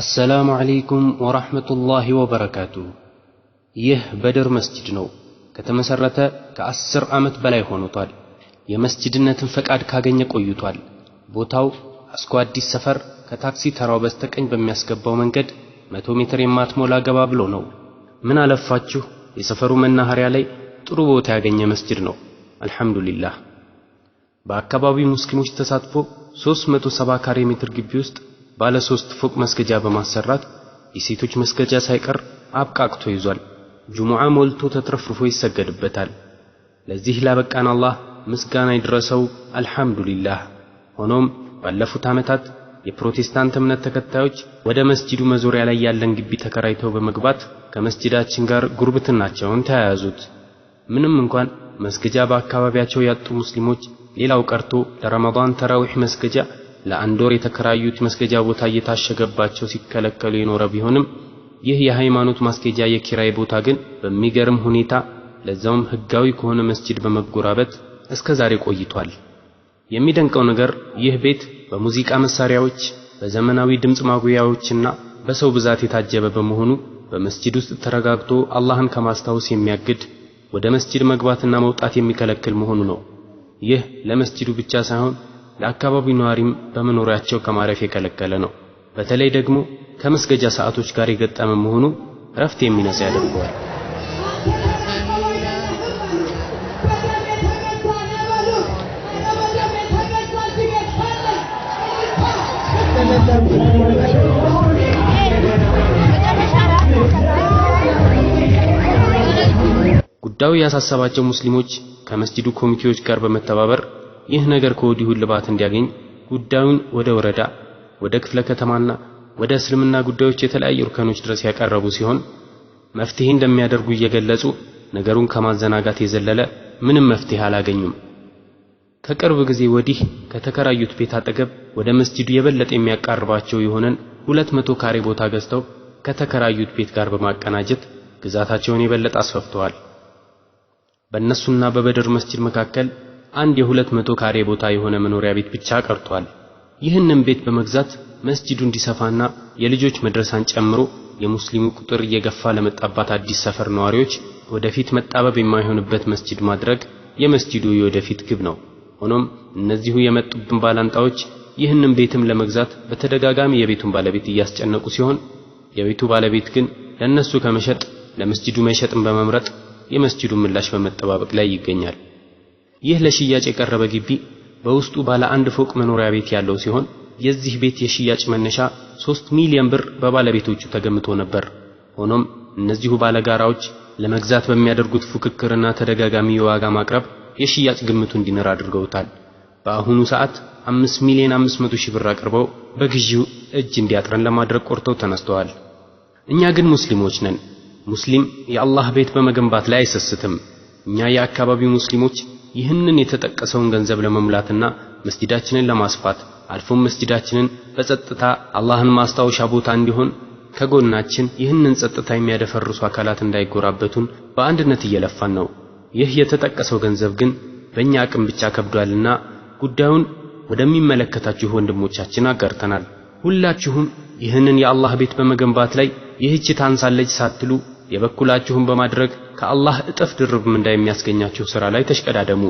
አሰላሙ ዓለይኩም ወራህመቱላሂ ወበረካቱ። ይህ በድር መስጅድ ነው። ከተመሠረተ ከአስር ዓመት በላይ ሆኖቷል። የመስጅድነትን ፈቃድ ካገኘ ቆይቷል። ቦታው አስኮ አዲስ ሰፈር ከታክሲ ተራው በስተቀኝ በሚያስገባው መንገድ መቶ ሜትር የማትሞላ ገባ ብሎ ነው። ምን አለፋችሁ የሰፈሩ መናኸሪያ ላይ ጥሩ ቦታ ያገኘ መስጂድ ነው። አልሐምዱሊላህ በአካባቢው ሙስሊሞች ተሳትፎ 370 ካሬ ሜትር ግቢ ውስጥ ባለ ሶስት ፎቅ መስገጃ በማሰራት የሴቶች መስገጃ ሳይቀር አብቃቅቶ ይዟል። ጁሙዓ ሞልቶ ተትረፍርፎ ይሰገድበታል። ለዚህ ላበቃን አላህ ምስጋና ይድረሰው፣ አልሐምዱሊላህ። ሆኖም ባለፉት ዓመታት የፕሮቴስታንት እምነት ተከታዮች ወደ መስጂዱ መዞሪያ ላይ ያለን ግቢ ተከራይተው በመግባት ከመስጂዳችን ጋር ጉርብትናቸውን ተያያዙት። ምንም እንኳን መስገጃ በአካባቢያቸው ያጡ ሙስሊሞች ሌላው ቀርቶ ለረመዳን ተራዊሕ መስገጃ ለአንድ ወር የተከራዩት መስገጃ ቦታ እየታሸገባቸው ሲከለከሉ የኖረ ቢሆንም ይህ የሃይማኖት ማስጌጃ የኪራይ ቦታ ግን በሚገርም ሁኔታ ለዛውም ህጋዊ ከሆነ መስጂድ በመጎራበት እስከ ዛሬ ቆይቷል። የሚደንቀው ነገር ይህ ቤት በሙዚቃ መሳሪያዎች፣ በዘመናዊ ድምፅ ማጉያዎችና በሰው ብዛት የታጀበ በመሆኑ በመስጂድ ውስጥ ተረጋግቶ አላህን ከማስታወስ የሚያግድ ወደ መስጂድ መግባትና መውጣት የሚከለክል መሆኑ ነው። ይህ ለመስጂዱ ብቻ ሳይሆን ለአካባቢው ነዋሪም በመኖሪያቸው ከማረፍ የከለከለ ነው። በተለይ ደግሞ ከመስገጃ ሰዓቶች ጋር የገጠመ መሆኑ እረፍት የሚነሳ ያደርገዋል። ጉዳዩ ያሳሰባቸው ሙስሊሞች ከመስጂዱ ኮሚቴዎች ጋር በመተባበር ይህ ነገር ከወዲሁ ልባት እንዲያገኝ ጉዳዩን ወደ ወረዳ፣ ወደ ክፍለ ከተማና ወደ እስልምና ጉዳዮች የተለያዩ እርከኖች ድረስ ያቀረቡ ሲሆን መፍትሄ እንደሚያደርጉ እየገለጹ ነገሩን ከማዘናጋት የዘለለ ምንም መፍትሄ አላገኙም። ከቅርብ ጊዜ ወዲህ ከተከራዩት ቤት አጠገብ ወደ መስጂዱ የበለጠ የሚያቃርባቸው የሆነን ሁለት መቶ ካሬ ቦታ ገዝተው ከተከራዩት ቤት ጋር በማቀናጀት ግዛታቸውን የበለጠ አስፈፍተዋል። በእነሱና በበድር መስጂድ መካከል አንድ የሁለት መቶ ካሬ ቦታ የሆነ መኖሪያ ቤት ብቻ ቀርቷል። ይህንም ቤት በመግዛት መስጂዱ እንዲሰፋና የልጆች መድረሳን ጨምሮ የሙስሊሙ ቁጥር እየገፋ ለመጣባት አዲስ ሰፈር ነዋሪዎች ወደፊት መጣበብ የማይሆንበት መስጂድ ማድረግ የመስጂዱ የወደፊት ግብ ነው። ሆኖም እነዚሁ የመጡብን ባላንጣዎች ይህንም ቤትም ለመግዛት በተደጋጋሚ የቤቱን ባለቤት እያስጨነቁ ሲሆን የቤቱ ባለቤት ግን ለነሱ ከመሸጥ ለመስጂዱ መሸጥን በመምረጥ የመስጂዱን ምላሽ በመጠባበቅ ላይ ይገኛል። ይህ ለሽያጭ የቀረበ ግቢ በውስጡ ባለ አንድ ፎቅ መኖሪያ ቤት ያለው ሲሆን የዚህ ቤት የሽያጭ መነሻ 3 ሚሊዮን ብር በባለቤቶቹ ተገምቶ ነበር። ሆኖም እነዚሁ ባለጋራዎች ለመግዛት በሚያደርጉት ፉክክርና ተደጋጋሚ የዋጋ ማቅረብ የሽያጭ ግምቱ እንዲንር አድርገውታል። በአሁኑ ሰዓት 5 ሚሊዮን 500 ሺህ ብር አቅርበው በግዢው እጅ እንዲያጥረን ለማድረግ ቆርተው ተነስተዋል። እኛ ግን ሙስሊሞች ነን። ሙስሊም የአላህ ቤት በመገንባት ላይ አይሰስትም። እኛ የአካባቢው ሙስሊሞች ይህንን የተጠቀሰውን ገንዘብ ለመሙላትና መስጂዳችንን ለማስፋት አልፎም መስጂዳችንን በጸጥታ አላህን ማስታወሻ ቦታ እንዲሆን ከጎናችን ይህንን ጸጥታ የሚያደፈርሱ አካላት እንዳይጎራበቱን በአንድነት እየለፋን ነው። ይህ የተጠቀሰው ገንዘብ ግን በእኛ አቅም ብቻ ከብዷልና ጉዳዩን ወደሚመለከታችሁ ወንድሞቻችን አጋርተናል። ሁላችሁም ይህንን የአላህ ቤት በመገንባት ላይ ይህች ታንሳለች ሳትሉ የበኩላችሁን በማድረግ ከአላህ እጥፍ ድርብ ምንዳ የሚያስገኛችሁ ሥራ ላይ ተሽቀዳደሙ።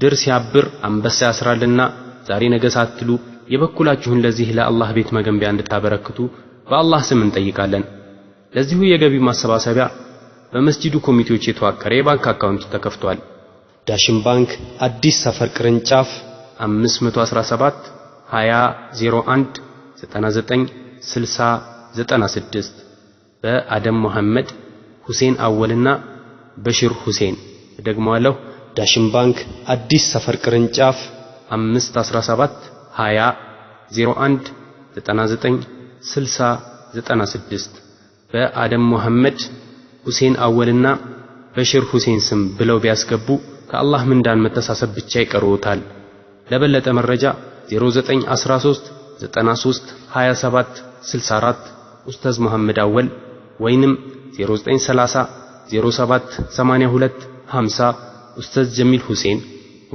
ድር ሲያብር አንበሳ ያስራልና ዛሬ ነገ ሳትሉ የበኩላችሁን ለዚህ ለአላህ ቤት መገንቢያ እንድታበረክቱ በአላህ ስም እንጠይቃለን። ለዚሁ የገቢ ማሰባሰቢያ በመስጂዱ ኮሚቴዎች የተዋቀረ የባንክ አካውንት ተከፍቷል። ዳሽን ባንክ አዲስ ሰፈር ቅርንጫፍ 517 20 01 99 60 96 በአደም መሐመድ ሁሴን አወልና በሽር ሁሴን ደግሞአለሁ ዳሽን ባንክ አዲስ ሰፈር ቅርንጫፍ 517 20 01 99 60 96 በአደም መሐመድ ሁሴን አወልና በሽር ሁሴን ስም ብለው ቢያስገቡ ከአላህ ምንዳን መተሳሰብ ብቻ ይቀርዎታል። ለበለጠ መረጃ 0913 93 27 64 ኡስታዝ መሐመድ አወል ወይንም 0930 07 82 50 ኡስታዝ ጀሚል ሁሴን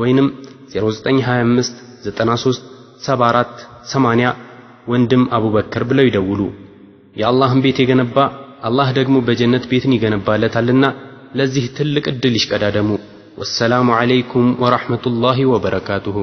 ወይንም 0925 93 74 80 ወንድም አቡበከር ብለው ይደውሉ። የአላህን ቤት የገነባ አላህ ደግሞ በጀነት ቤትን ይገነባለታልና ለዚህ ትልቅ ዕድል ይሽቀዳደሙ። ወሰላሙ ዓለይኩም ወራህመቱላሂ ወበረካቱሁ።